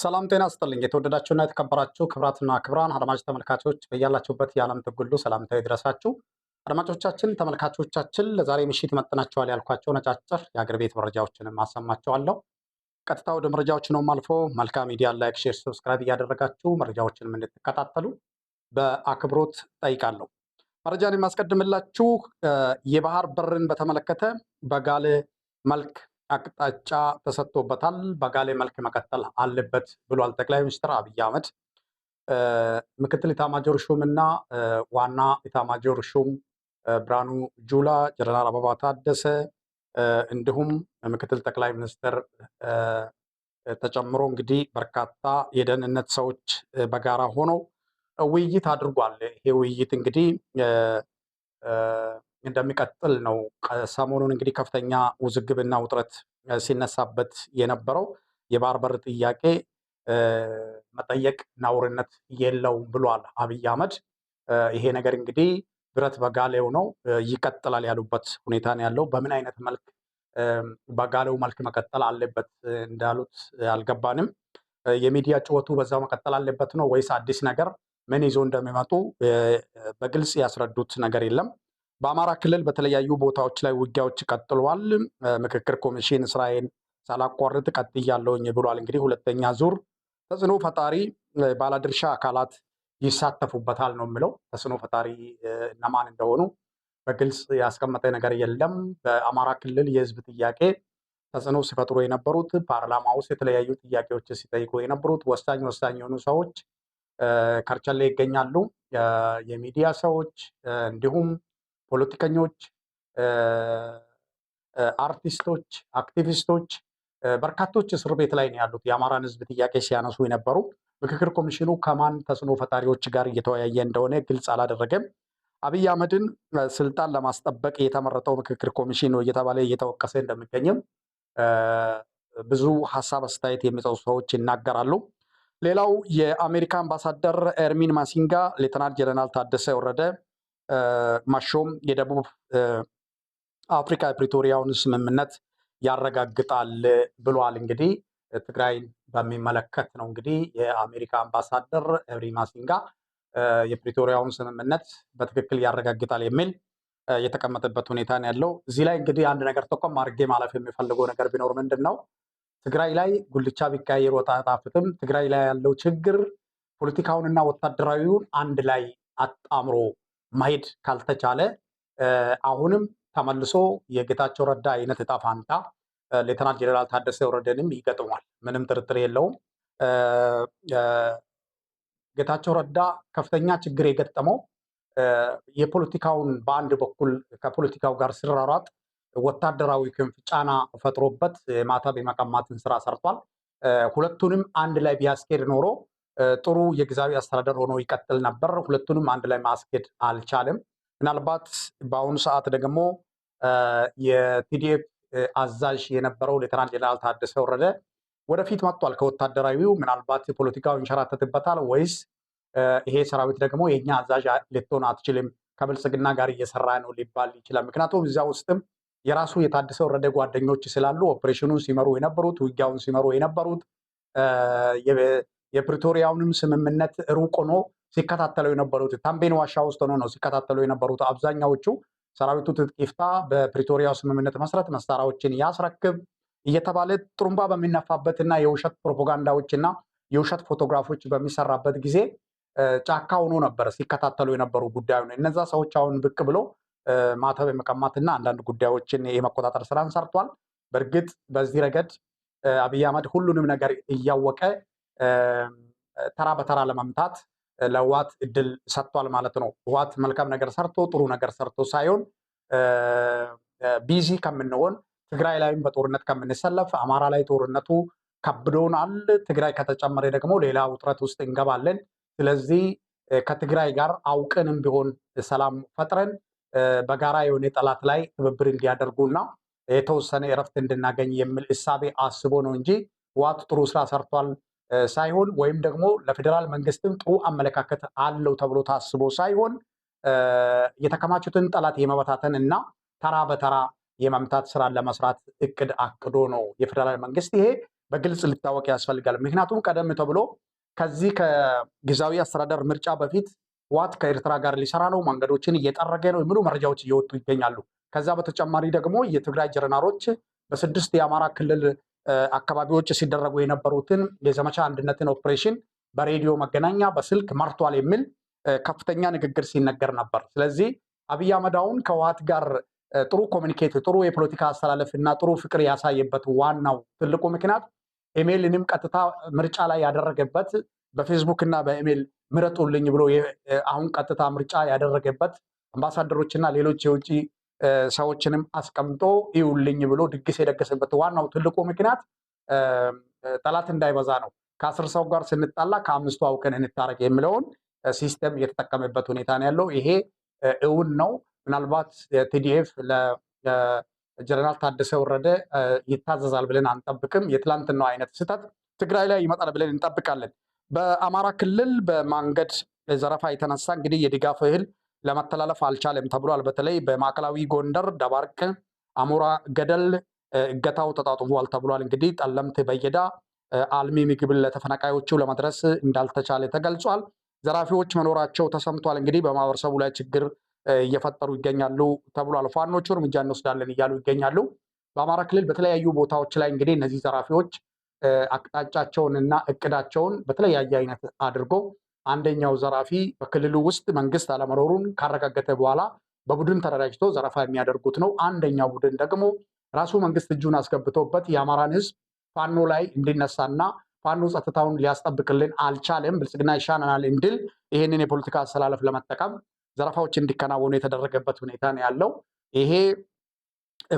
ሰላም ጤና ስጥልኝ። የተወደዳችሁና የተከበራችሁ ክብራትና ክብራን አድማጭ ተመልካቾች በያላችሁበት የዓለም ጥግ ሰላምታዊ ይድረሳችሁ። አድማጮቻችን፣ ተመልካቾቻችን ለዛሬ ምሽት ይመጥናቸዋል ያልኳቸው ነጫጭር የአገር ቤት መረጃዎችንም አሰማቸዋለሁ። ቀጥታ ወደ መረጃዎች ነው አልፎ መልካም ሚዲያ ላይክ፣ ሼር፣ ሰብስክራይብ እያደረጋችሁ መረጃዎችንም እንድትከታተሉ በአክብሮት ጠይቃለሁ። መረጃን የማስቀድምላችሁ የባህር በርን በተመለከተ በጋለ መልክ አቅጣጫ ተሰጥቶበታል። በጋሌ መልክ መቀጠል አለበት ብሏል ጠቅላይ ሚኒስትር አብይ አህመድ። ምክትል ኢታማጆር ሹም እና ዋና ኢታማጆር ሹም ብርሃኑ ጁላ፣ ጀነራል አበባ ታደሰ እንዲሁም ምክትል ጠቅላይ ሚኒስትር ተጨምሮ እንግዲህ በርካታ የደህንነት ሰዎች በጋራ ሆነው ውይይት አድርጓል። ይሄ ውይይት እንግዲህ እንደሚቀጥል ነው። ሰሞኑን እንግዲህ ከፍተኛ ውዝግብና ውጥረት ሲነሳበት የነበረው የባህር በር ጥያቄ መጠየቅ ነውርነት የለውም ብሏል አብይ አህመድ። ይሄ ነገር እንግዲህ ብረት በጋሌው ነው ይቀጥላል ያሉበት ሁኔታ ነው ያለው። በምን አይነት መልክ በጋሌው መልክ መቀጠል አለበት እንዳሉት አልገባንም። የሚዲያ ጩኸቱ በዛው መቀጠል አለበት ነው ወይስ አዲስ ነገር ምን ይዞ እንደሚመጡ በግልጽ ያስረዱት ነገር የለም። በአማራ ክልል በተለያዩ ቦታዎች ላይ ውጊያዎች ቀጥሏል። ምክክር ኮሚሽን ስራዬን ሳላቋርጥ ቀጥያለሁኝ ብሏል። እንግዲህ ሁለተኛ ዙር ተጽዕኖ ፈጣሪ ባለድርሻ አካላት ይሳተፉበታል ነው የምለው። ተጽዕኖ ፈጣሪ እነማን እንደሆኑ በግልጽ ያስቀመጠ ነገር የለም። በአማራ ክልል የህዝብ ጥያቄ ተጽዕኖ ሲፈጥሩ የነበሩት ፓርላማ ውስጥ የተለያዩ ጥያቄዎች ሲጠይቁ የነበሩት ወሳኝ ወሳኝ የሆኑ ሰዎች ከርቸሌ ይገኛሉ። የሚዲያ ሰዎች እንዲሁም ፖለቲከኞች፣ አርቲስቶች፣ አክቲቪስቶች በርካቶች እስር ቤት ላይ ነው ያሉት። የአማራን ህዝብ ጥያቄ ሲያነሱ የነበሩ ምክክር ኮሚሽኑ ከማን ተጽዕኖ ፈጣሪዎች ጋር እየተወያየ እንደሆነ ግልጽ አላደረገም። አብይ አህመድን ስልጣን ለማስጠበቅ የተመረጠው ምክክር ኮሚሽን ነው እየተባለ እየተወቀሰ እንደሚገኝም ብዙ ሀሳብ አስተያየት የሚሰጡ ሰዎች ይናገራሉ። ሌላው የአሜሪካ አምባሳደር ኤርሚን ማሲንጋ ሌተናል ጀነራል ታደሰ ወረደ ማሾም የደቡብ አፍሪካ የፕሪቶሪያውን ስምምነት ያረጋግጣል ብሏል። እንግዲህ ትግራይን በሚመለከት ነው እንግዲህ የአሜሪካ አምባሳደር ኤሪ ማሲንጋ የፕሪቶሪያውን ስምምነት በትክክል ያረጋግጣል የሚል የተቀመጠበት ሁኔታ ነው ያለው። እዚህ ላይ እንግዲህ አንድ ነገር ተቆም አድርጌ ማለፍ የሚፈልገው ነገር ቢኖር ምንድን ነው ትግራይ ላይ ጉልቻ ቢቀያየር ወጥ አይጣፍጥም። ትግራይ ላይ ያለው ችግር ፖለቲካውንና ወታደራዊውን አንድ ላይ አጣምሮ ማሄድ ካልተቻለ አሁንም ተመልሶ የጌታቸው ረዳ አይነት እጣ ፋንታ ሌተናንት ጄኔራል ታደሰ ወረደንም ይገጥሟል። ምንም ጥርጥር የለውም። ጌታቸው ረዳ ከፍተኛ ችግር የገጠመው የፖለቲካውን በአንድ በኩል ከፖለቲካው ጋር ሲራራጥ ወታደራዊ ክንፍ ጫና ፈጥሮበት ማተብ የመቀማትን ስራ ሰርቷል። ሁለቱንም አንድ ላይ ቢያስኬድ ኖሮ ጥሩ የጊዜያዊ አስተዳደር ሆኖ ይቀጥል ነበር። ሁለቱንም አንድ ላይ ማስኬድ አልቻለም። ምናልባት በአሁኑ ሰዓት ደግሞ የቲዲኤፍ አዛዥ የነበረው ሌተናል ጄኔራል ታደሰ ወረደ ወደፊት መጥቷል። ከወታደራዊው ምናልባት ፖለቲካው ይንሸራተትበታል ወይስ ይሄ ሰራዊት ደግሞ የኛ አዛዥ ልትሆን አትችልም፣ ከብልጽግና ጋር እየሰራ ነው ሊባል ይችላል። ምክንያቱም እዚያ ውስጥም የራሱ የታደሰ ወረደ ጓደኞች ስላሉ ኦፕሬሽኑን ሲመሩ የነበሩት ውጊያውን ሲመሩ የነበሩት የፕሪቶሪያውንም ስምምነት ሩቅ ሆኖ ሲከታተለው የነበሩት ታምቤን ዋሻ ውስጥ ሆኖ ነው ሲከታተለው የነበሩት አብዛኛዎቹ ሰራዊቱ ትጥቅ ይፍታ፣ በፕሪቶሪያው ስምምነት መሰረት መሳሪያዎችን ያስረክብ እየተባለ ጥሩምባ በሚነፋበትና የውሸት ፕሮፓጋንዳዎችና የውሸት ፎቶግራፎች በሚሰራበት ጊዜ ጫካ ሆኖ ነበር ሲከታተሉ የነበሩ ጉዳዩ ነው። እነዛ ሰዎች አሁን ብቅ ብሎ ማተብ የመቀማትና አንዳንድ ጉዳዮችን የመቆጣጠር ስራን ሰርቷል። በእርግጥ በዚህ ረገድ አብይ አህመድ ሁሉንም ነገር እያወቀ ተራ በተራ ለመምታት ለህወሓት እድል ሰጥቷል ማለት ነው። ህወሓት መልካም ነገር ሰርቶ ጥሩ ነገር ሰርቶ ሳይሆን ቢዚ ከምንሆን ትግራይ ላይም በጦርነት ከምንሰለፍ አማራ ላይ ጦርነቱ ከብዶናል። ትግራይ ከተጨመረ ደግሞ ሌላ ውጥረት ውስጥ እንገባለን። ስለዚህ ከትግራይ ጋር አውቅንም ቢሆን ሰላም ፈጥረን በጋራ የሆነ ጠላት ላይ ትብብር እንዲያደርጉና የተወሰነ እረፍት እንድናገኝ የሚል እሳቤ አስቦ ነው እንጂ ህወሓት ጥሩ ስራ ሰርቷል ሳይሆን ወይም ደግሞ ለፌዴራል መንግስትም ጥሩ አመለካከት አለው ተብሎ ታስቦ ሳይሆን የተከማቹትን ጠላት የመበታተን እና ተራ በተራ የመምታት ስራን ለመስራት እቅድ አቅዶ ነው የፌዴራል መንግስት። ይሄ በግልጽ ሊታወቅ ያስፈልጋል። ምክንያቱም ቀደም ተብሎ ከዚህ ከጊዜያዊ አስተዳደር ምርጫ በፊት ህወሓት ከኤርትራ ጋር ሊሰራ ነው፣ መንገዶችን እየጠረገ ነው የሚሉ መረጃዎች እየወጡ ይገኛሉ። ከዛ በተጨማሪ ደግሞ የትግራይ ጀነራሎች በስድስት የአማራ ክልል አካባቢዎች ሲደረጉ የነበሩትን የዘመቻ አንድነትን ኦፕሬሽን በሬዲዮ መገናኛ በስልክ መርቷል የሚል ከፍተኛ ንግግር ሲነገር ነበር። ስለዚህ አብይ አህመድ አሁን ጋር ጥሩ ኮሚኒኬት ጥሩ የፖለቲካ አስተላለፍ እና ጥሩ ፍቅር ያሳየበት ዋናው ትልቁ ምክንያት ኢሜይልንም ቀጥታ ምርጫ ላይ ያደረገበት በፌስቡክ እና በኢሜይል ምረጡልኝ ብሎ አሁን ቀጥታ ምርጫ ያደረገበት አምባሳደሮችና ሌሎች የውጭ ሰዎችንም አስቀምጦ ይውልኝ ብሎ ድግስ የደገሰበት ዋናው ትልቁ ምክንያት ጠላት እንዳይበዛ ነው። ከአስር ሰው ጋር ስንጣላ ከአምስቱ አውቀን እንታረቅ የሚለውን ሲስተም እየተጠቀመበት ሁኔታ ነው ያለው። ይሄ እውን ነው። ምናልባት ቲዲኤፍ ለጀነራል ታደሰ ወረደ ይታዘዛል ብለን አንጠብቅም። የትላንትናው አይነት ስህተት ትግራይ ላይ ይመጣል ብለን እንጠብቃለን። በአማራ ክልል በማንገድ ዘረፋ የተነሳ እንግዲህ የድጋፍ እህል ለመተላለፍ አልቻለም ተብሏል። በተለይ በማዕከላዊ ጎንደር ደባርቅ አሞራ ገደል እገታው ተጣጥፏል ተብሏል። እንግዲህ ጠለምት በየዳ አልሚ ምግብን ለተፈናቃዮቹ ለመድረስ እንዳልተቻለ ተገልጿል። ዘራፊዎች መኖራቸው ተሰምቷል። እንግዲህ በማህበረሰቡ ላይ ችግር እየፈጠሩ ይገኛሉ ተብሏል። ፋኖቹ እርምጃ እንወስዳለን እያሉ ይገኛሉ። በአማራ ክልል በተለያዩ ቦታዎች ላይ እንግዲህ እነዚህ ዘራፊዎች አቅጣጫቸውን እና እቅዳቸውን በተለያየ አይነት አድርጎ አንደኛው ዘራፊ በክልሉ ውስጥ መንግስት አለመኖሩን ካረጋገጠ በኋላ በቡድን ተደራጅቶ ዘረፋ የሚያደርጉት ነው። አንደኛው ቡድን ደግሞ ራሱ መንግስት እጁን አስገብቶበት የአማራን ህዝብ ፋኖ ላይ እንዲነሳና ፋኖ ጸጥታውን ሊያስጠብቅልን አልቻለም፣ ብልጽግና ይሻናናል እንድል ይህንን የፖለቲካ አሰላለፍ ለመጠቀም ዘረፋዎች እንዲከናወኑ የተደረገበት ሁኔታ ነው ያለው። ይሄ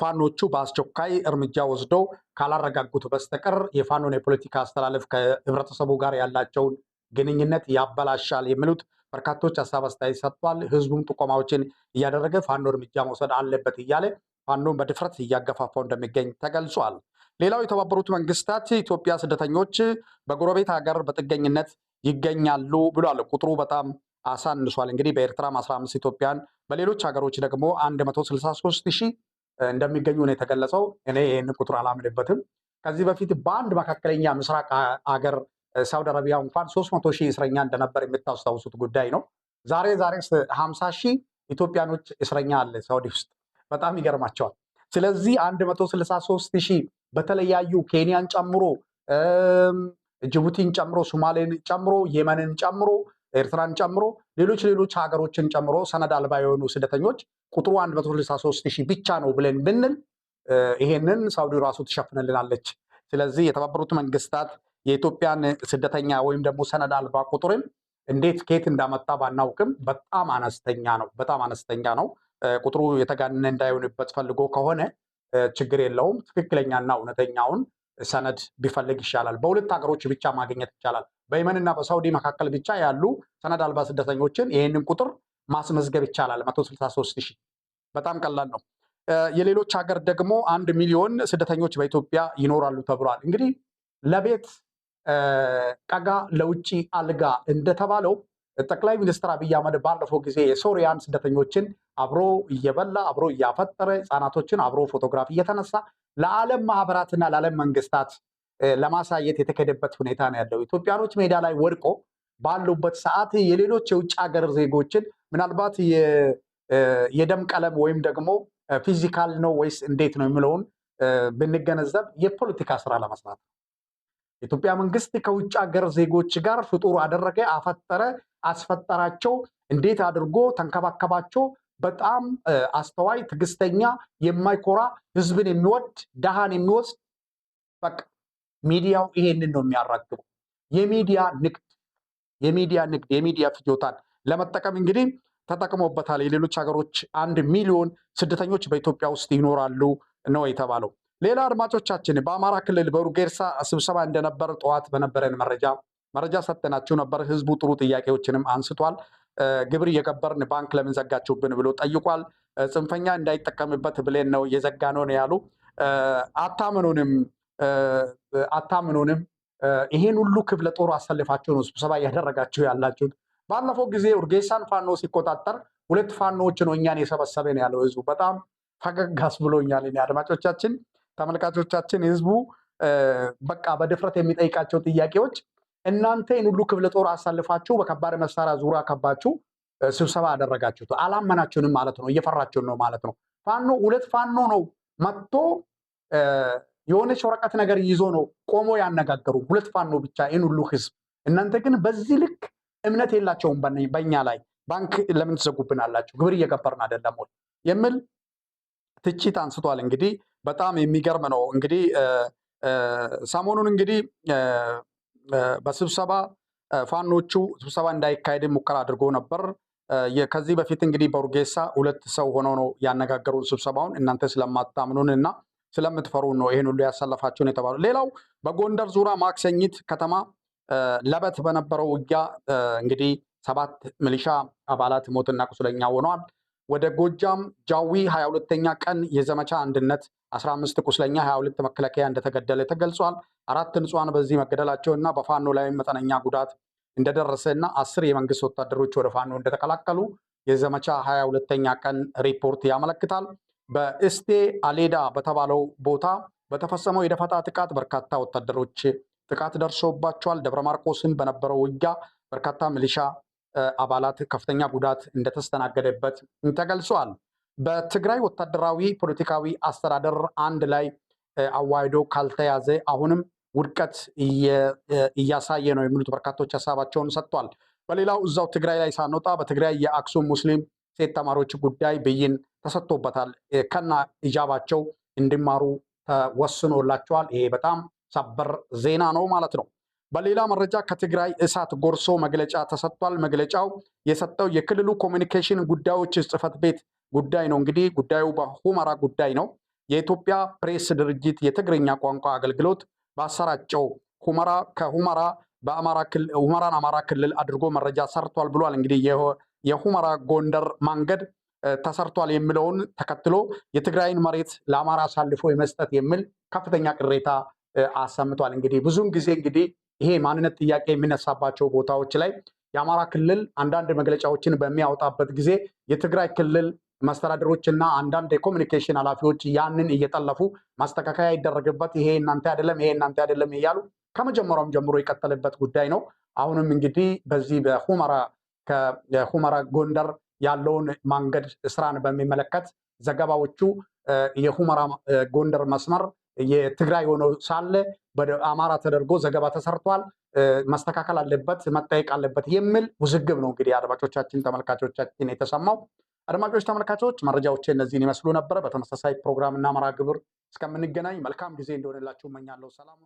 ፋኖቹ በአስቸኳይ እርምጃ ወስደው ካላረጋጉት በስተቀር የፋኖን የፖለቲካ አስተላለፍ ከህብረተሰቡ ጋር ያላቸውን ግንኙነት ያበላሻል የሚሉት በርካቶች ሀሳብ አስተያየት ሰጥቷል። ህዝቡም ጥቆማዎችን እያደረገ ፋኖ እርምጃ መውሰድ አለበት እያለ ፋኖ በድፍረት እያገፋፋው እንደሚገኝ ተገልጿል። ሌላው የተባበሩት መንግስታት ኢትዮጵያ ስደተኞች በጎረቤት ሀገር በጥገኝነት ይገኛሉ ብሏል። ቁጥሩ በጣም አሳንሷል። እንግዲህ በኤርትራም 15 ኢትዮጵያን በሌሎች ሀገሮች ደግሞ 163 ሺህ እንደሚገኙ ነው የተገለጸው። እኔ ይህን ቁጥር አላምንበትም። ከዚህ በፊት በአንድ መካከለኛ ምስራቅ ሀገር ሳውዲ አረቢያ እንኳን ሶስት መቶ ሺህ እስረኛ እንደነበር የምታስታውሱት ጉዳይ ነው። ዛሬ ዛሬ ሀምሳ ሺህ ኢትዮጵያኖች እስረኛ አለ ሳውዲ ውስጥ በጣም ይገርማቸዋል። ስለዚህ አንድ መቶ ስልሳ ሶስት ሺህ በተለያዩ ኬንያን ጨምሮ ጅቡቲን ጨምሮ ሶማሌን ጨምሮ የመንን ጨምሮ ኤርትራን ጨምሮ ሌሎች ሌሎች ሀገሮችን ጨምሮ ሰነድ አልባ የሆኑ ስደተኞች ቁጥሩ አንድ መቶ ስልሳ ሶስት ሺህ ብቻ ነው ብለን ብንል ይሄንን ሳውዲ ራሱ ትሸፍንልናለች። ስለዚህ የተባበሩት መንግስታት የኢትዮጵያን ስደተኛ ወይም ደግሞ ሰነድ አልባ ቁጥርን እንዴት ከየት እንዳመጣ ባናውቅም በጣም አነስተኛ ነው። በጣም አነስተኛ ነው። ቁጥሩ የተጋነነ እንዳይሆንበት ፈልጎ ከሆነ ችግር የለውም። ትክክለኛና እውነተኛውን ሰነድ ቢፈልግ ይሻላል። በሁለት ሀገሮች ብቻ ማግኘት ይቻላል። በየመንና በሳውዲ መካከል ብቻ ያሉ ሰነድ አልባ ስደተኞችን ይህንን ቁጥር ማስመዝገብ ይቻላል። 63 ሺህ በጣም ቀላል ነው። የሌሎች ሀገር ደግሞ አንድ ሚሊዮን ስደተኞች በኢትዮጵያ ይኖራሉ ተብሏል። እንግዲህ ለቤት ቀጋ ለውጭ አልጋ እንደተባለው ጠቅላይ ሚኒስትር አብይ አህመድ ባለፈው ጊዜ የሶሪያን ስደተኞችን አብሮ እየበላ አብሮ እያፈጠረ ህጻናቶችን አብሮ ፎቶግራፍ እየተነሳ ለዓለም ማህበራትና ለዓለም መንግስታት ለማሳየት የተከደበት ሁኔታ ነው ያለው። ኢትዮጵያኖች ሜዳ ላይ ወድቆ ባሉበት ሰዓት የሌሎች የውጭ ሀገር ዜጎችን ምናልባት የደም ቀለም ወይም ደግሞ ፊዚካል ነው ወይስ እንዴት ነው የሚለውን ብንገነዘብ የፖለቲካ ስራ ለመስራት ነው። የኢትዮጵያ መንግስት ከውጭ ሀገር ዜጎች ጋር ፍጡር አደረገ፣ አፈጠረ፣ አስፈጠራቸው፣ እንዴት አድርጎ ተንከባከባቸው። በጣም አስተዋይ፣ ትዕግስተኛ፣ የማይኮራ ህዝብን የሚወድ ደሃን የሚወስድ በቃ ሚዲያው ይሄንን ነው የሚያራግበው። የሚዲያ ንግድ የሚዲያ ንግድ የሚዲያ ፍጆታን ለመጠቀም እንግዲህ ተጠቅሞበታል። የሌሎች ሀገሮች አንድ ሚሊዮን ስደተኞች በኢትዮጵያ ውስጥ ይኖራሉ ነው የተባለው። ሌላ አድማጮቻችን በአማራ ክልል በሩጌርሳ ስብሰባ እንደነበር ጠዋት በነበረን መረጃ መረጃ ሰጥተናችሁ ነበር። ህዝቡ ጥሩ ጥያቄዎችንም አንስቷል። ግብር እየገበርን ባንክ ለምን ዘጋችሁብን ብሎ ጠይቋል። ጽንፈኛ እንዳይጠቀምበት ብሌን ነው እየዘጋ ነው ያሉ አታምኑንም፣ አታምኑንም ይሄን ሁሉ ክፍለ ጦሩ አሰልፋችሁ ነው ስብሰባ እያደረጋችሁ ያላችሁት። ባለፈው ጊዜ ኡርጌሳን ፋኖ ሲቆጣጠር ሁለት ፋኖዎች ነው እኛን የሰበሰበን ያለው ህዝቡ በጣም ፈገግ አስብሎኛል። አድማጮቻችን ተመልካቾቻችን ህዝቡ በቃ በድፍረት የሚጠይቃቸው ጥያቄዎች እናንተ ሁሉ ክፍለ ጦር አሳልፋችሁ በከባድ መሳሪያ ዙሪያ ከባችሁ ስብሰባ አደረጋችሁት፣ አላመናችሁንም ማለት ነው፣ እየፈራችሁን ነው ማለት ነው። ፋኖ ሁለት ፋኖ ነው መጥቶ የሆነች ወረቀት ነገር ይዞ ነው ቆሞ ያነጋገሩ፣ ሁለት ፋኖ ብቻ ይህን ሁሉ ህዝብ። እናንተ ግን በዚህ ልክ እምነት የላቸውም በእኛ ላይ። ባንክ ለምን ትዘጉብናላችሁ? ግብር እየገበርን አይደለም ወይ የሚል ትችት አንስቷል እንግዲህ በጣም የሚገርም ነው። እንግዲህ ሰሞኑን እንግዲህ በስብሰባ ፋኖቹ ስብሰባ እንዳይካሄድ ሙከራ አድርጎ ነበር። ከዚህ በፊት እንግዲህ በሩጌሳ ሁለት ሰው ሆኖ ነው ያነጋገሩን ስብሰባውን። እናንተ ስለማታምኑን እና ስለምትፈሩን ነው ይህን ሁሉ ያሳለፋችሁን የተባሉ። ሌላው በጎንደር ዙሪያ ማክሰኝት ከተማ ለበት በነበረው ውጊያ እንግዲህ ሰባት ሚሊሻ አባላት ሞትና ቁስለኛ ሆነዋል። ወደ ጎጃም ጃዊ 22ኛ ቀን የዘመቻ አንድነት 15 ቁስለኛ 22 መከላከያ እንደተገደለ ተገልጿል። አራት ንጹሐን በዚህ መገደላቸው እና በፋኖ ላይ መጠነኛ ጉዳት እንደደረሰ እና አስር የመንግስት ወታደሮች ወደ ፋኖ እንደተቀላቀሉ የዘመቻ 22ኛ ቀን ሪፖርት ያመለክታል። በእስቴ አሌዳ በተባለው ቦታ በተፈጸመው የደፈጣ ጥቃት በርካታ ወታደሮች ጥቃት ደርሶባቸዋል። ደብረ ማርቆስም በነበረው ውጊያ በርካታ ሚሊሻ አባላት ከፍተኛ ጉዳት እንደተስተናገደበት ተገልጿል። በትግራይ ወታደራዊ ፖለቲካዊ አስተዳደር አንድ ላይ አዋህዶ ካልተያዘ አሁንም ውድቀት እያሳየ ነው የሚሉት በርካቶች ሀሳባቸውን ሰጥቷል። በሌላው እዛው ትግራይ ላይ ሳንወጣ በትግራይ የአክሱም ሙስሊም ሴት ተማሪዎች ጉዳይ ብይን ተሰጥቶበታል። ከና ኢጃባቸው እንዲማሩ ተወስኖላቸዋል። ይሄ በጣም ሰበር ዜና ነው ማለት ነው። በሌላ መረጃ ከትግራይ እሳት ጎርሶ መግለጫ ተሰጥቷል። መግለጫው የሰጠው የክልሉ ኮሚኒኬሽን ጉዳዮች ጽህፈት ቤት ጉዳይ ነው። እንግዲህ ጉዳዩ በሁመራ ጉዳይ ነው። የኢትዮጵያ ፕሬስ ድርጅት የትግርኛ ቋንቋ አገልግሎት ባሰራጨው ሁመራ ከሁመራ ሁመራን አማራ ክልል አድርጎ መረጃ ሰርቷል ብሏል። እንግዲህ የሁመራ ጎንደር መንገድ ተሰርቷል የሚለውን ተከትሎ የትግራይን መሬት ለአማራ አሳልፎ የመስጠት የሚል ከፍተኛ ቅሬታ አሰምቷል። እንግዲህ ብዙውን ጊዜ እንግዲህ ይሄ ማንነት ጥያቄ የሚነሳባቸው ቦታዎች ላይ የአማራ ክልል አንዳንድ መግለጫዎችን በሚያወጣበት ጊዜ የትግራይ ክልል መስተዳደሮች እና አንዳንድ የኮሚኒኬሽን ኃላፊዎች ያንን እየጠለፉ ማስተካከያ ይደረግበት፣ ይሄ እናንተ አይደለም፣ ይሄ እናንተ አይደለም እያሉ ከመጀመሪያውም ጀምሮ የቀጠለበት ጉዳይ ነው። አሁንም እንግዲህ በዚህ በሁመራ ከሁመራ ጎንደር ያለውን መንገድ ስራን በሚመለከት ዘገባዎቹ የሁመራ ጎንደር መስመር የትግራይ ሆኖ ሳለ አማራ ተደርጎ ዘገባ ተሰርቷል። መስተካከል አለበት፣ መጠየቅ አለበት የሚል ውዝግብ ነው። እንግዲህ አድማጮቻችን፣ ተመልካቾቻችን የተሰማው አድማጮች፣ ተመልካቾች መረጃዎች እነዚህን ይመስሉ ነበረ። በተመሳሳይ እና አማራ ግብር እስከምንገናኝ መልካም ጊዜ እንደሆነላችሁ እመኛለሁ። ሰላም